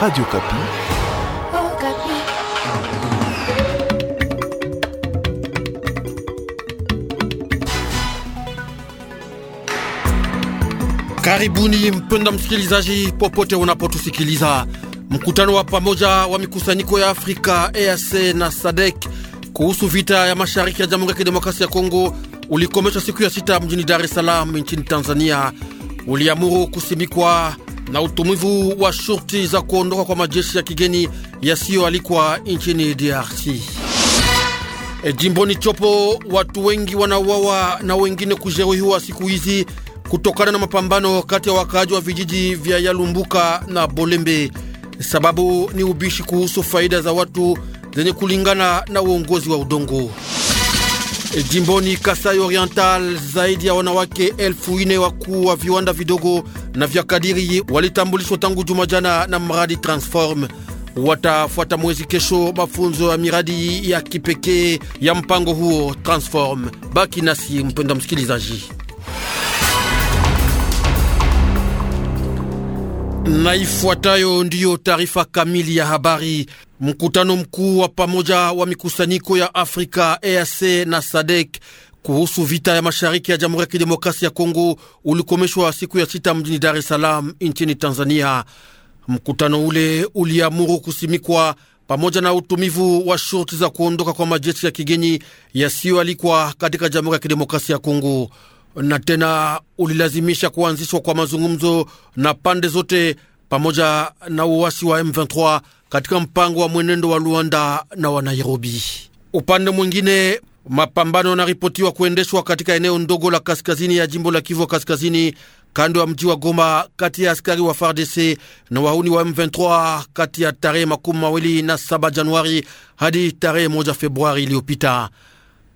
Radio Kapi. Oh, Kapi. Karibuni mpenda msikilizaji popote unapotusikiliza. Mkutano wa pamoja wa mikusanyiko ya Afrika EAC na SADC e kuhusu vita ya mashariki ya Jamhuri ya Kidemokrasia ya Kongo ulikomeshwa siku ya sita mjini Dar es Salaam nchini Tanzania. Uliamuru kusimikwa na utumivu wa shurti za kuondoka kwa majeshi ya kigeni yasiyoalikwa nchini DRC. E, jimboni Chopo watu wengi wanauawa na wengine kujeruhiwa siku hizi kutokana na mapambano kati ya wakaaji wa vijiji vya Yalumbuka na Bolembe. Sababu ni ubishi kuhusu faida za watu zenye kulingana na uongozi wa udongo. E, jimboni Kasai Oriental, zaidi ya wanawake elfu ine wakuu wa viwanda vidogo na vya kadiri walitambulishwa tangu jumajana na mradi Transform. Watafuata mwezi kesho mafunzo ya miradi ya kipekee ya mpango huo Transform. Baki nasi mpenda msikilizaji. Na ifuatayo ndiyo taarifa kamili ya habari. Mkutano mkuu wa pamoja wa mikusanyiko ya Afrika EAC na SADEK kuhusu vita ya mashariki ya Jamhuri ya Kidemokrasia ya Kongo ulikomeshwa siku ya sita mjini Dar es Salaam nchini Tanzania. Mkutano ule uliamuru kusimikwa pamoja na utumivu wa shurti za kuondoka kwa majeshi ya kigeni yasiyoalikwa katika Jamhuri ya Kidemokrasia ya Kongo, na tena ulilazimisha kuanzishwa kwa mazungumzo na pande zote pamoja na uwasi wa M23 katika mpango wa mwenendo wa Luanda na wa Nairobi. Upande mwingine, mapambano yanaripotiwa kuendeshwa katika eneo ndogo la kaskazini ya jimbo la Kivu Kaskazini, kando ya mji wa Goma, kati ya askari wa FARDC na wahuni wa M23 kati ya tarehe makumi mawili na saba Januari hadi tarehe moja Februari iliyopita.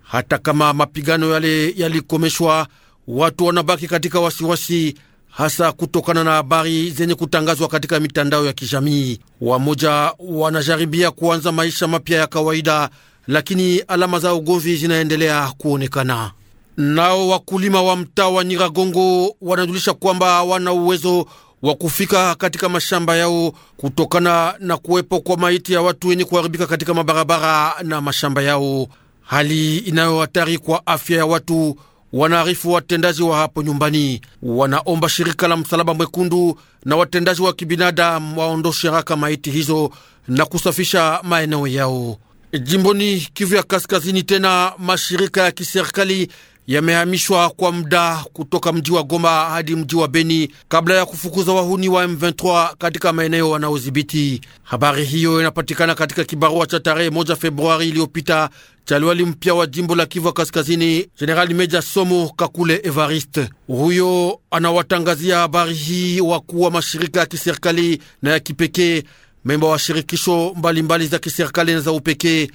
Hata kama mapigano yale yalikomeshwa, watu wanabaki katika wasiwasi wasi, hasa kutokana na habari zenye kutangazwa katika mitandao ya kijamii. Wamoja wanajaribia kuanza maisha mapya ya kawaida, lakini alama za ugomvi zinaendelea kuonekana. Nao wakulima wa mtaa wa Nyiragongo wanajulisha kwamba hawana uwezo wa kufika katika mashamba yao kutokana na kuwepo kwa maiti ya watu wenye kuharibika katika mabarabara na mashamba yao, hali inayohatari kwa afya ya watu wanaarifu watendaji wa hapo nyumbani, wanaomba shirika la Msalaba Mwekundu na watendaji wa kibinadamu waondoshe haraka maiti hizo na kusafisha maeneo yao. Jimboni Kivu ya Kaskazini, tena mashirika ya kiserikali yamehamishwa kwa muda kutoka mji wa Goma hadi mji wa Beni kabla ya kufukuza wahuni wa M23 katika maeneo wanaodhibiti. Habari hiyo inapatikana katika kibarua cha tarehe moja Februari iliyopita cha liwali mpya wa jimbo la Kivu Kaskazini, Jenerali Meja Somo Kakule Evariste. Huyo anawatangazia habari hii wakuu wa mashirika ya kiserikali na ya kipekee, memba wa shirikisho mbalimbali mbali za kiserikali na za upekee,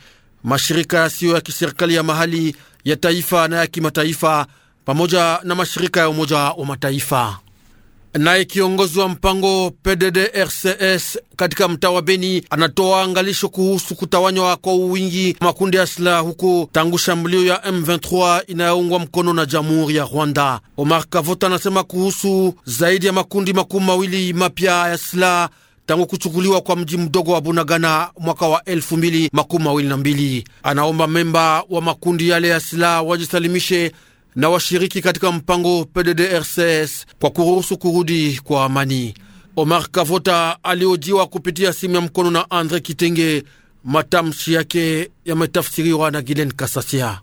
mashirika yasiyo ya kiserikali ya mahali ya taifa na ya kimataifa pamoja na mashirika ya Umoja wa Mataifa. Naye kiongozi wa mpango PDDRCS katika mtaa wa Beni anatoa angalisho kuhusu kutawanywa kwa uwingi makundi ya silaha huko tangu shambulio ya M23 inayoungwa mkono na jamhuri ya Rwanda. Omar Kavota anasema kuhusu zaidi ya makundi makumi mawili mapya ya silaha tangu kuchukuliwa kwa mji mdogo wa Bunagana mwaka wa elfu mbili makumi mawili na mbili. Anaomba memba wa makundi yale ya silaha wajisalimishe na washiriki katika mpango PDDRCS kwa kuruhusu kurudi kwa amani. Omar Kavota aliojiwa kupitia simu ya mkono na Andre Kitenge Matamshi yake yametafsiriwa na Gilen Kasasia.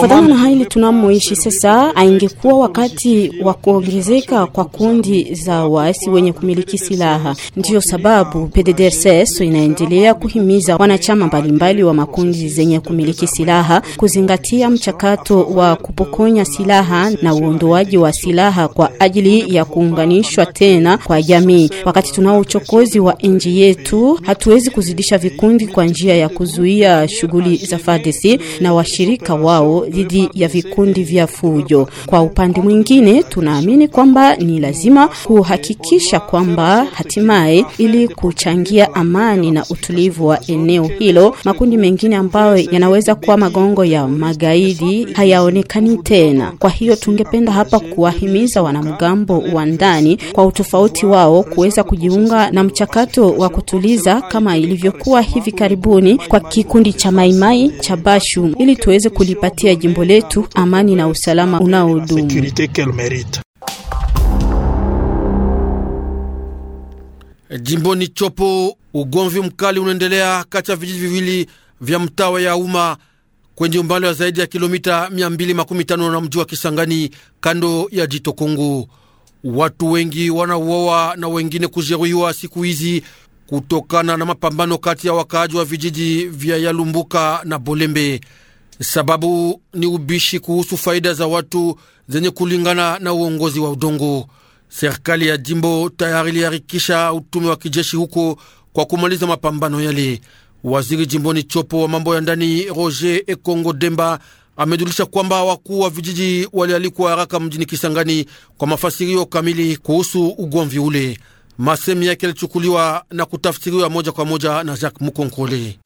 Sababu na hali tunamoishi sasa, aingekuwa wakati wa kuongezeka kwa kundi za waasi wenye kumiliki silaha. Ndiyo sababu PDDRCS inaendelea kuhimiza wanachama mbalimbali wa makundi zenye kumiliki silaha kuzingatia mchakato wa kupokonya silaha na uondoaji wa silaha kwa ajili ya kuunganishwa tena kwa jamii. Wakati tunao uchokozi wa nchi yetu, hatuwezi kuzidisha viku makundi kwa njia ya kuzuia shughuli za FARDC na washirika wao dhidi ya vikundi vya fujo. Kwa upande mwingine, tunaamini kwamba ni lazima kuhakikisha kwamba hatimaye, ili kuchangia amani na utulivu wa eneo hilo, makundi mengine ambayo yanaweza kuwa magongo ya magaidi hayaonekani tena. Kwa hiyo, tungependa hapa kuwahimiza wanamgambo wa ndani kwa utofauti wao kuweza kujiunga na mchakato wa kutuliza kama ilivyokuwa hivi karibuni kwa kikundi cha Maimai cha Bashu ili tuweze kulipatia jimbo letu amani na usalama unaodumu. ni Chopo, ugomvi mkali unaendelea kati ya vijiji viwili vya mtawa ya umma kwenye umbali wa zaidi ya kilomita 215 na mji wa Kisangani, kando ya jito Kongo. Watu wengi wanauawa na wengine kujeruhiwa siku hizi kutokana na mapambano kati ya wakaaji wa vijiji vya Yalumbuka na Bolembe. Sababu ni ubishi kuhusu faida za watu zenye kulingana na uongozi wa udongo. Serikali ya jimbo tayari iliharikisha utume wa kijeshi huko kwa kumaliza mapambano yale. Waziri jimboni Chopo wa mambo ya ndani Roger Ekongo Demba amejulisha kwamba wakuu wa vijiji walialikwa haraka mjini Kisangani kwa mafasirio kamili kuhusu ugomvi ule. Masemi yake yalichukuliwa na kutafsiriwa moja kwa moja na Jacques Mukonkole.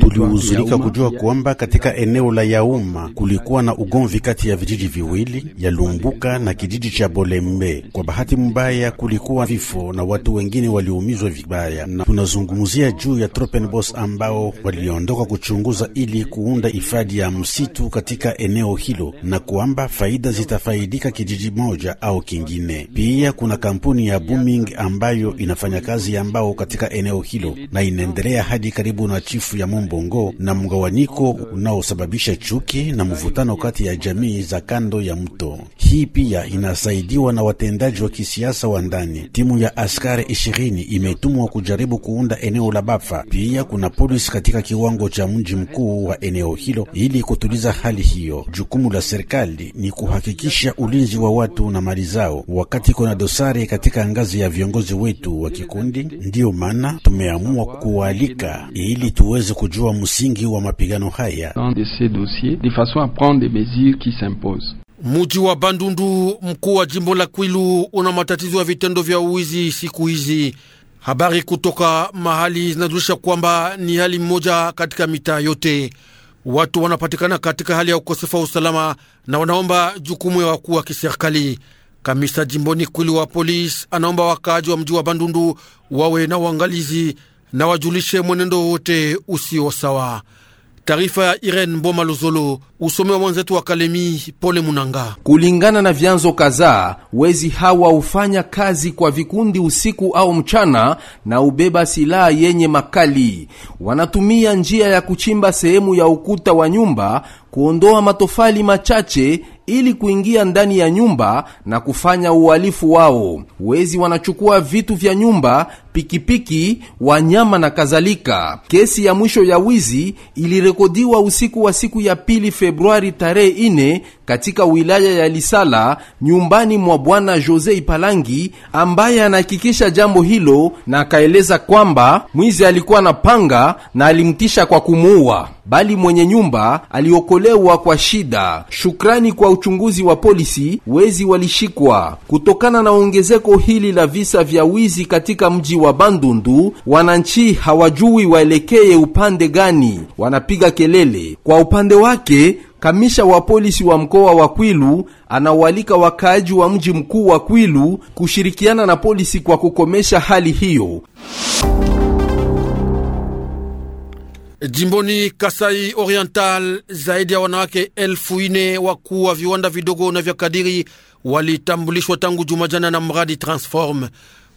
Tulihuzulika kujua kwamba katika eneo la Yauma kulikuwa na ugomvi kati ya vijiji viwili ya Lumbuka na kijiji cha Bolembe. Kwa bahati mbaya, kulikuwa vifo na watu wengine waliumizwa vibaya, na tunazungumzia juu ya Tropenbos ambao waliondoka kuchunguza ili kuunda hifadhi ya msitu katika eneo hilo, na kwamba faida zitafaidika kijiji moja au kingine nne. Pia kuna kampuni ya Booming ambayo inafanya kazi ya mbao katika eneo hilo na inaendelea hadi karibu na chifu ya Mombongo, na mgawanyiko unaosababisha chuki na mvutano kati ya jamii za kando ya mto hii pia inasaidiwa na watendaji wa kisiasa wa ndani. Timu ya askari ishirini imetumwa kujaribu kuunda eneo la bafa Pia kuna polisi katika kiwango cha mji mkuu wa eneo hilo ili kutuliza hali hiyo. Jukumu la serikali ni kuhakikisha ulinzi wa watu na mali zao wakati kuna dosari katika ngazi ya viongozi wetu wa kikundi. Ndiyo maana tumeamua kuwalika ili tuweze kujua msingi wa mapigano haya. Muji wa Bandundu, mkuu wa jimbo la Kwilu, una matatizo ya vitendo vya uwizi siku hizi. Habari kutoka mahali zinajulisha kwamba ni hali mmoja katika mitaa yote. Watu wanapatikana katika hali ya ukosefu wa usalama na wanaomba jukumu ya wakuu wa kiserikali. Kamisa jimboni Kwilu wa polisi anaomba wakaaji wa mji wa Bandundu wawe na uangalizi na wajulishe mwenendo wote usio sawa. Taarifa ya Irene Mboma Luzolo, wa mwenzetu wa Kalemi Pole Munanga. Kulingana na vyanzo kadhaa, wezi hawa hufanya kazi kwa vikundi usiku au mchana na ubeba silaha yenye makali. Wanatumia njia ya kuchimba sehemu ya ukuta wa nyumba, kuondoa matofali machache ili kuingia ndani ya nyumba na kufanya uhalifu wao. Wezi wanachukua vitu vya nyumba pikipiki, wanyama na kadhalika. Kesi ya mwisho ya wizi ilirekodiwa usiku wa siku ya pili Februari tarehe ine katika wilaya ya Lisala nyumbani mwa bwana Jose Ipalangi ambaye anahakikisha jambo hilo na akaeleza kwamba mwizi alikuwa na panga na alimtisha kwa kumuua, bali mwenye nyumba aliokolewa kwa shida. Shukrani kwa uchunguzi wa polisi, wezi walishikwa. Kutokana na ongezeko hili la visa vya wizi katika mji wa Bandundu, wananchi hawajui waelekee upande gani, wanapiga kelele. Kwa upande wake Kamisha wa polisi wa mkoa wa Kwilu anawalika wakaaji wa mji mkuu wa Kwilu kushirikiana na polisi kwa kukomesha hali hiyo. Jimboni Kasai Oriental, zaidi ya wanawake elfu ine wakuu wa viwanda vidogo na vya kadiri walitambulishwa tangu Jumajana na mradi Transform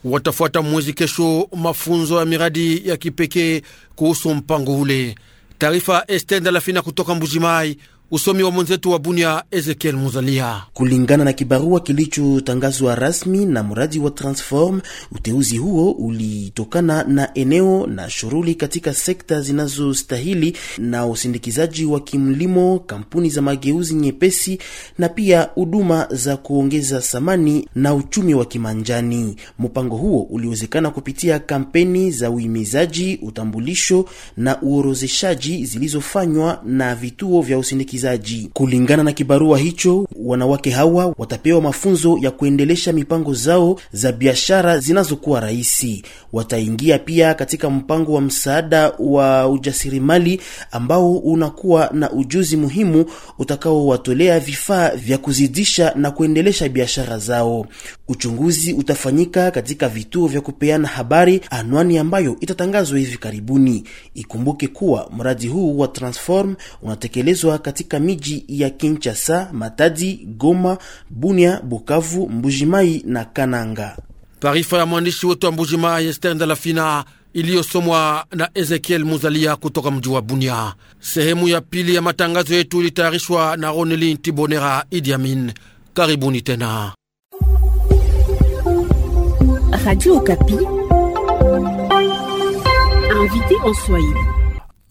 watafuata mwezi kesho mafunzo ya miradi ya kipekee kuhusu mpango ule. Taarifa Estenda Lafina kutoka Mbujimai. Usomi wa mwenzetu wa Bunia, Ezekiel Muzalia. Kulingana na kibarua kilichotangazwa rasmi na mradi wa Transform, uteuzi huo ulitokana na eneo na shughuli katika sekta zinazostahili na usindikizaji wa kimlimo, kampuni za mageuzi nyepesi na pia huduma za kuongeza thamani na uchumi wa kimanjani. Mpango huo uliwezekana kupitia kampeni za uhimizaji, utambulisho na uorozeshaji zilizofanywa na vituo vya usindikizaji usindikizaji. Kulingana na kibarua hicho, wanawake hawa watapewa mafunzo ya kuendelesha mipango zao za biashara zinazokuwa rahisi. Wataingia pia katika mpango wa msaada wa ujasirimali ambao unakuwa na ujuzi muhimu utakaowatolea vifaa vya kuzidisha na kuendelesha biashara zao. Uchunguzi utafanyika katika vituo vya kupeana habari, anwani ambayo itatangazwa hivi karibuni. Ikumbuke kuwa mradi huu wa Transform unatekelezwa katika katika miji ya Kinshasa, Matadi, Goma, Bunia, Bukavu, Mbujimai na Kananga. Taarifa ya mwandishi wetu wa Mbujimai Ester Ndalafina iliyosomwa na Ezekiel Muzalia kutoka mji wa Bunia. Sehemu ya pili ya matangazo yetu ilitayarishwa na Ronelin Tibonera Idi Amin. Karibuni tena Radio Okapi, invité en Swahili.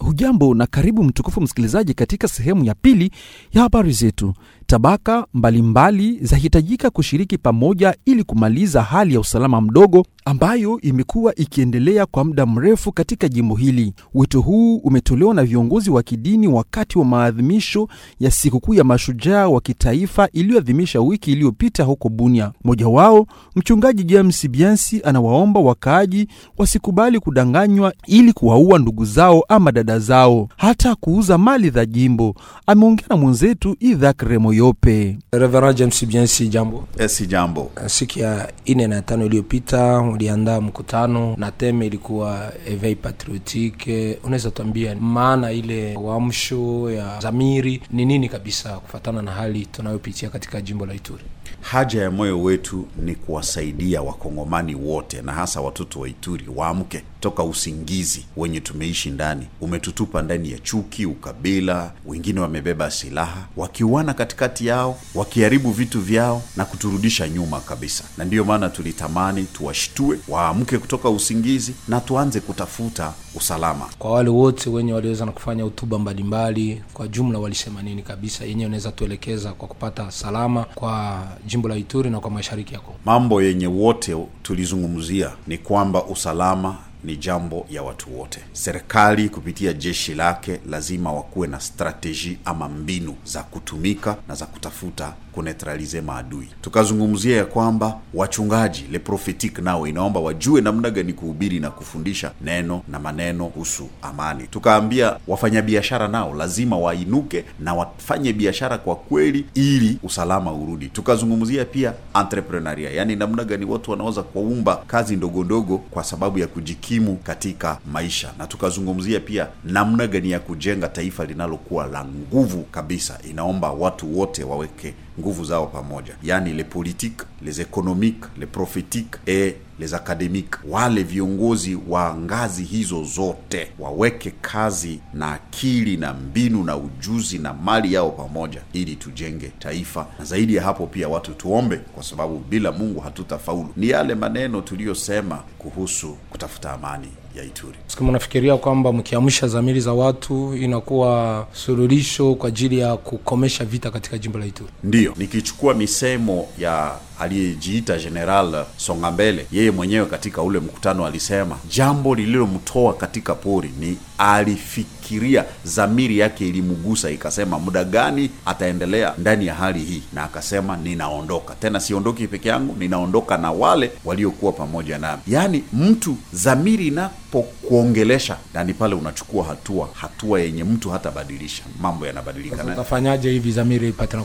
Hujambo na karibu mtukufu msikilizaji, katika sehemu ya pili ya habari zetu tabaka mbalimbali zahitajika kushiriki pamoja ili kumaliza hali ya usalama mdogo ambayo imekuwa ikiendelea kwa muda mrefu katika jimbo hili. Wito huu umetolewa na viongozi wa kidini wakati wa maadhimisho ya sikukuu ya mashujaa wa kitaifa iliyoadhimisha wiki iliyopita huko Bunia. Mmoja wao mchungaji James Biansi anawaomba wakaaji wasikubali kudanganywa ili kuwaua ndugu zao ama dada zao, hata kuuza mali za jimbo. Ameongea na mwenzetu Idhak Remo. Uyope. Reverend James Bien, eh, si jambo. Si eh, jambo. Siku ya ine na tano iliyopita uliandaa mkutano na teme ilikuwa Evei Patriotique. Unaweza tuambia maana ile uamsho ya zamiri ni nini kabisa, kufatana na hali tunayopitia katika jimbo la Ituri? Haja ya moyo wetu ni kuwasaidia wakongomani wote na hasa watoto wa Ituri waamke toka usingizi wenye tumeishi ndani, umetutupa ndani ya chuki, ukabila. Wengine wamebeba silaha wakiuana katikati yao, wakiharibu vitu vyao na kuturudisha nyuma kabisa. Na ndiyo maana tulitamani tuwashtue, waamke kutoka usingizi na tuanze kutafuta usalama. Kwa wale wote wenye waliweza na kufanya hutuba mbalimbali, kwa jumla walisema nini kabisa yenye unaweza tuelekeza kwa kupata salama kwa jimbo la Ituri na kwa mashariki yako. Mambo yenye wote tulizungumzia ni kwamba usalama ni jambo ya watu wote. Serikali kupitia jeshi lake lazima wakuwe na strateji ama mbinu za kutumika na za kutafuta kunetralize maadui. Tukazungumzia ya kwamba wachungaji le prophetic nao inaomba wajue namna gani kuhubiri na kufundisha neno na maneno husu amani. Tukaambia wafanyabiashara nao lazima wainuke na wafanye biashara kwa kweli, ili usalama urudi. Tukazungumzia pia entrepreneuria, yaani namna gani watu wanaweza kuumba kazi ndogo ndogo kwa sababu ya kujikia muhimu katika maisha, na tukazungumzia pia namna gani ya kujenga taifa linalokuwa la nguvu kabisa. Inaomba watu wote waweke nguvu zao pamoja, yani le politique, les économiques, le prophétique et les academiques, wale viongozi wa ngazi hizo zote waweke kazi na akili na mbinu na ujuzi na mali yao pamoja, ili tujenge taifa. Na zaidi ya hapo pia watu tuombe, kwa sababu bila Mungu hatutafaulu. Ni yale maneno tuliyosema kuhusu kutafuta amani ya Ituri. Mnafikiria kwamba mkiamsha dhamiri za watu inakuwa suluhisho kwa ajili ya kukomesha vita katika jimbo la Ituri? Ndiyo, nikichukua misemo ya aliyejiita General Songambele, yeye mwenyewe katika ule mkutano alisema jambo lililomtoa katika pori ni alifiki alifikiria, zamiri yake ilimgusa ikasema, muda gani ataendelea ndani ya hali hii? Na akasema ninaondoka, tena siondoki peke yangu, ninaondoka na wale waliokuwa pamoja nami. Yaani mtu dhamiri inapokuongelesha ndani pale, unachukua hatua, hatua yenye mtu hatabadilisha, mambo yanabadilika. hivi zamiri ipate na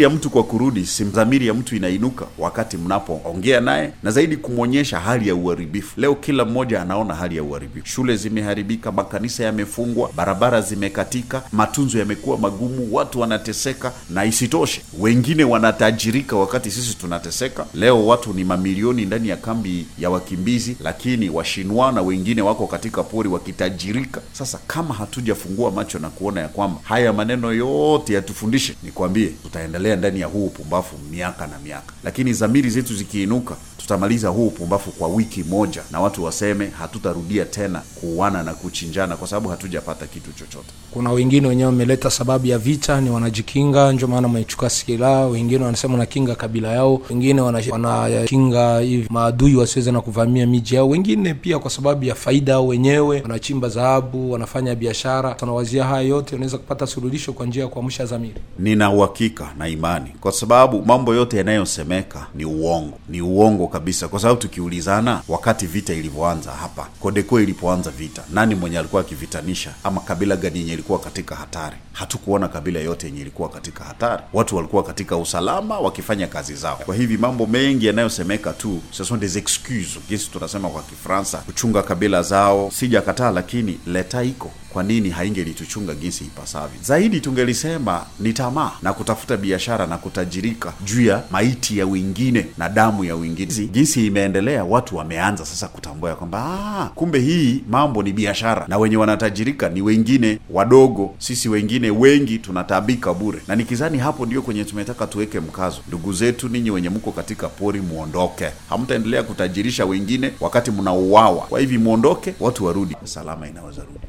ya mtu kwa kurudi, si dhamiri ya mtu inainuka wakati mnapoongea naye, na zaidi kumwonyesha hali ya uharibifu. Leo kila mmoja anaona hali ya uharibifu, shule zimeharibika, makanisa yamef zimefungwa, barabara zimekatika, matunzo yamekuwa magumu, watu wanateseka, na isitoshe wengine wanatajirika wakati sisi tunateseka. Leo watu ni mamilioni ndani ya kambi ya wakimbizi, lakini washinwa na wengine wako katika pori wakitajirika. Sasa kama hatujafungua macho na kuona ya kwamba haya maneno yote yatufundishe, nikwambie, tutaendelea ndani ya huu upumbavu miaka na miaka, lakini dhamiri zetu zikiinuka tutamaliza huu upumbafu kwa wiki moja na watu waseme hatutarudia tena kuuana na kuchinjana kwa sababu hatujapata kitu chochote kuna wengine wenyewe wameleta sababu ya vita ni wanajikinga njo maana wamechukua silaha wengine wanasema wanakinga kabila yao wengine wanakinga hivi maadui wasiweze na kuvamia miji yao wengine pia kwa sababu ya faida yao wenyewe wanachimba dhahabu wanafanya biashara tunawazia haya yote unaweza kupata suluhisho kwa njia ya kuamsha dhamiri nina uhakika na imani kwa sababu mambo yote yanayosemeka ni uongo ni uongo huo kabisa, kwa sababu tukiulizana, wakati vita ilivyoanza hapa, kodeko ilipoanza vita, nani mwenye alikuwa akivitanisha ama kabila gani yenye ilikuwa katika hatari? Hatukuona kabila yote yenye ilikuwa katika hatari. Watu walikuwa katika usalama wakifanya kazi zao. Kwa hivi mambo mengi yanayosemeka tu des excuses, jinsi tunasema kwa Kifaransa, kuchunga kabila zao. Sijakataa, lakini leta iko kwa nini haingelituchunga gisi ipasavyo? Zaidi tungelisema ni tamaa na kutafuta biashara na kutajirika juu ya maiti ya wengine na damu ya wengine hizi jinsi imeendelea watu wameanza sasa kutambua ya kwamba ah, kumbe hii mambo ni biashara na wenye wanatajirika ni wengine wadogo sisi wengine wengi tunatabika bure na nikizani hapo ndio kwenye tumetaka tuweke mkazo ndugu zetu ninyi wenye mko katika pori muondoke hamtaendelea kutajirisha wengine wakati mnauawa kwa hivi muondoke watu warudi salama inaweza rudi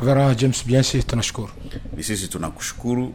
Rivera James Biasi, tunashukuru. Ni sisi tunakushukuru.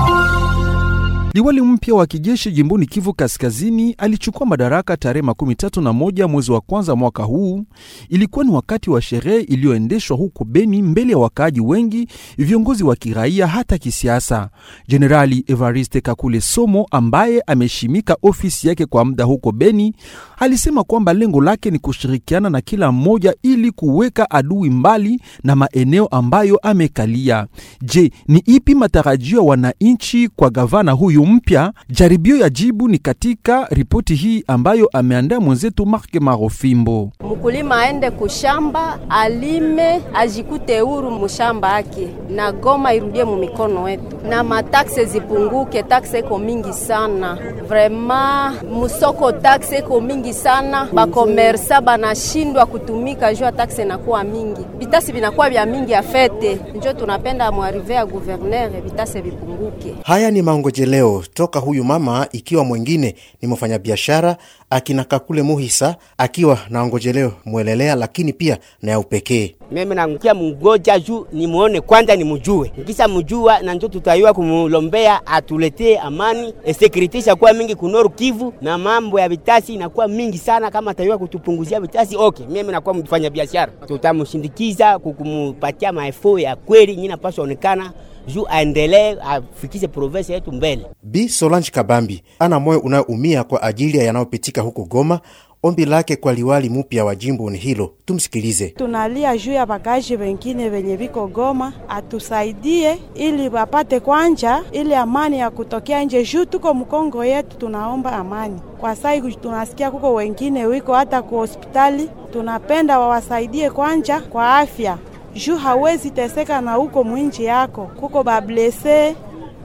Liwali mpya wa kijeshi jimboni Kivu Kaskazini alichukua madaraka tarehe makumi tatu na moja mwezi wa kwanza mwaka huu. Ilikuwa ni wakati wa sherehe iliyoendeshwa huko Beni mbele ya wakaaji wengi, viongozi wa kiraia hata kisiasa. Jenerali Evariste Kakule Somo ambaye ameshimika ofisi yake kwa muda huko Beni alisema kwamba lengo lake ni kushirikiana na kila mmoja ili kuweka adui mbali na maeneo ambayo amekalia. Je, ni ipi matarajio ya wananchi kwa gavana huyu huyu mpya. Jaribio ya jibu ni katika ripoti hii ambayo ameandaa mwenzetu Marke Marofimbo. Mkulima aende kushamba, alime, ajikute huru mushamba ake, na goma irudie mu mikono wetu, na matakse zipunguke. Takse iko mingi sana vrema, musoko takse iko mingi sana, bakomersa banashindwa kutumika jua takse inakuwa mingi, vitasi vinakuwa vya mingi ya fete. Njo tunapenda mwarive ya guvernere vitase vipunguke. Haya ni maongojeleo toka huyu mama ikiwa mwengine ni mfanyabiashara akina Kakule Muhisa akiwa na ngojeleo mwelelea, lakini pia na ya upekee. Mimi namkia mngoja juu nimuone kwanza, nimujue. Nkisha mjua na njo tutaiwa kumulombea atuletee amani. Esekurite ishakuwa mingi kunoru Kivu na mambo ya vitasi inakuwa mingi sana, kama ataiwa kutupunguzia vitasi okay. Mimi nakuwa mfanya biashara, tutamshindikiza kukumupatia maefo ya kweli, nyinapaswa onekana juu aendelee afikishe provensi yetu mbele. Bi Solange Kabambi ana moyo unayoumia kwa ajili ya yanayopitika huko Goma. Ombi lake kwa liwali mupya wa jimbo ni hilo, tumsikilize. Tunalia juu ya bakaji wengine wenye viko Goma, atusaidie ili wapate kwanja ili amani ya kutokea nje, juu tuko mkongo yetu, tunaomba amani kwa sai. Tunasikia kuko wengine wiko hata ku hospitali, tunapenda wawasaidie kwanja kwa afya juu hawezi teseka na huko mwinji yako kuko bablese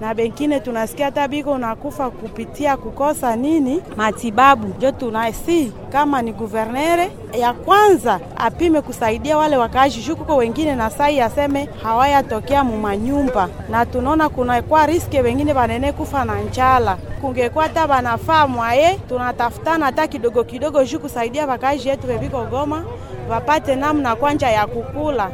na bengine tunasikia hata biko unakufa kupitia kukosa nini matibabu. Jo, tunasi kama ni guvernere ya kwanza apime kusaidia wale wakaaji, juu kuko wengine na sai aseme hawayatokea mumanyumba, na tunaona kwa riske wengine banene kufa na njala kungekuwa hata banafaa mwaye tunatafutana hata kidogo kidogo, juu kusaidia vakaji yetu veviko Goma vapate namna kwanja ya kukula,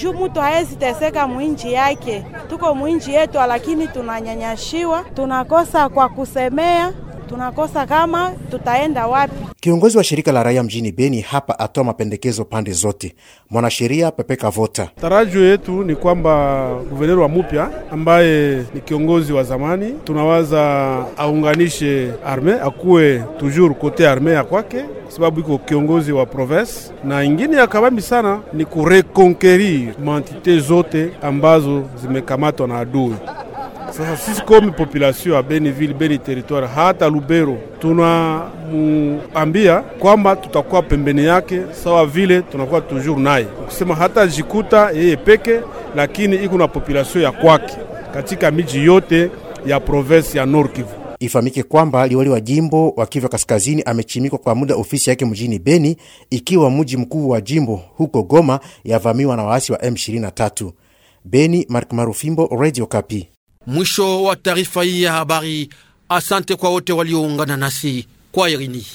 juu mutu hawezi teseka mwinji yake. Tuko mwinji yetu, lakini tunanyanyashiwa, tunakosa kwa kusemea tunakosa kama tutaenda wapi. Kiongozi wa shirika la raia mjini Beni hapa atoa mapendekezo pande zote. Mwanasheria Pepe Kavota: tarajio yetu ni kwamba guverner wa mupya ambaye ni kiongozi wa zamani, tunawaza aunganishe arme, akuwe tujur kote arme ya kwake, kwa sababu iko kiongozi wa province, na ingine ya kabambi sana ni kurekonkerir mantite zote ambazo zimekamatwa na adui. Sasa sisi komi population ya Beniville, Beni territoire, hata Lubero, tunamuambia kwamba tutakuwa pembeni yake, sawa vile tunakuwa toujours naye, kusema hata jikuta yeye peke, lakini iko na population ya kwake katika miji yote ya province ya Nord Kivu. Ifahamike kwamba liwali wa jimbo wa Kivu Kaskazini amechimikwa kwa muda ofisi yake mjini Beni, ikiwa mji mkuu wa jimbo huko Goma yavamiwa na waasi wa M23. Beni, Mark Marufimbo, Radio Kapi. Mwisho wa taarifa hii ya habari. Asante kwa wote walioungana nasi kwa Irini.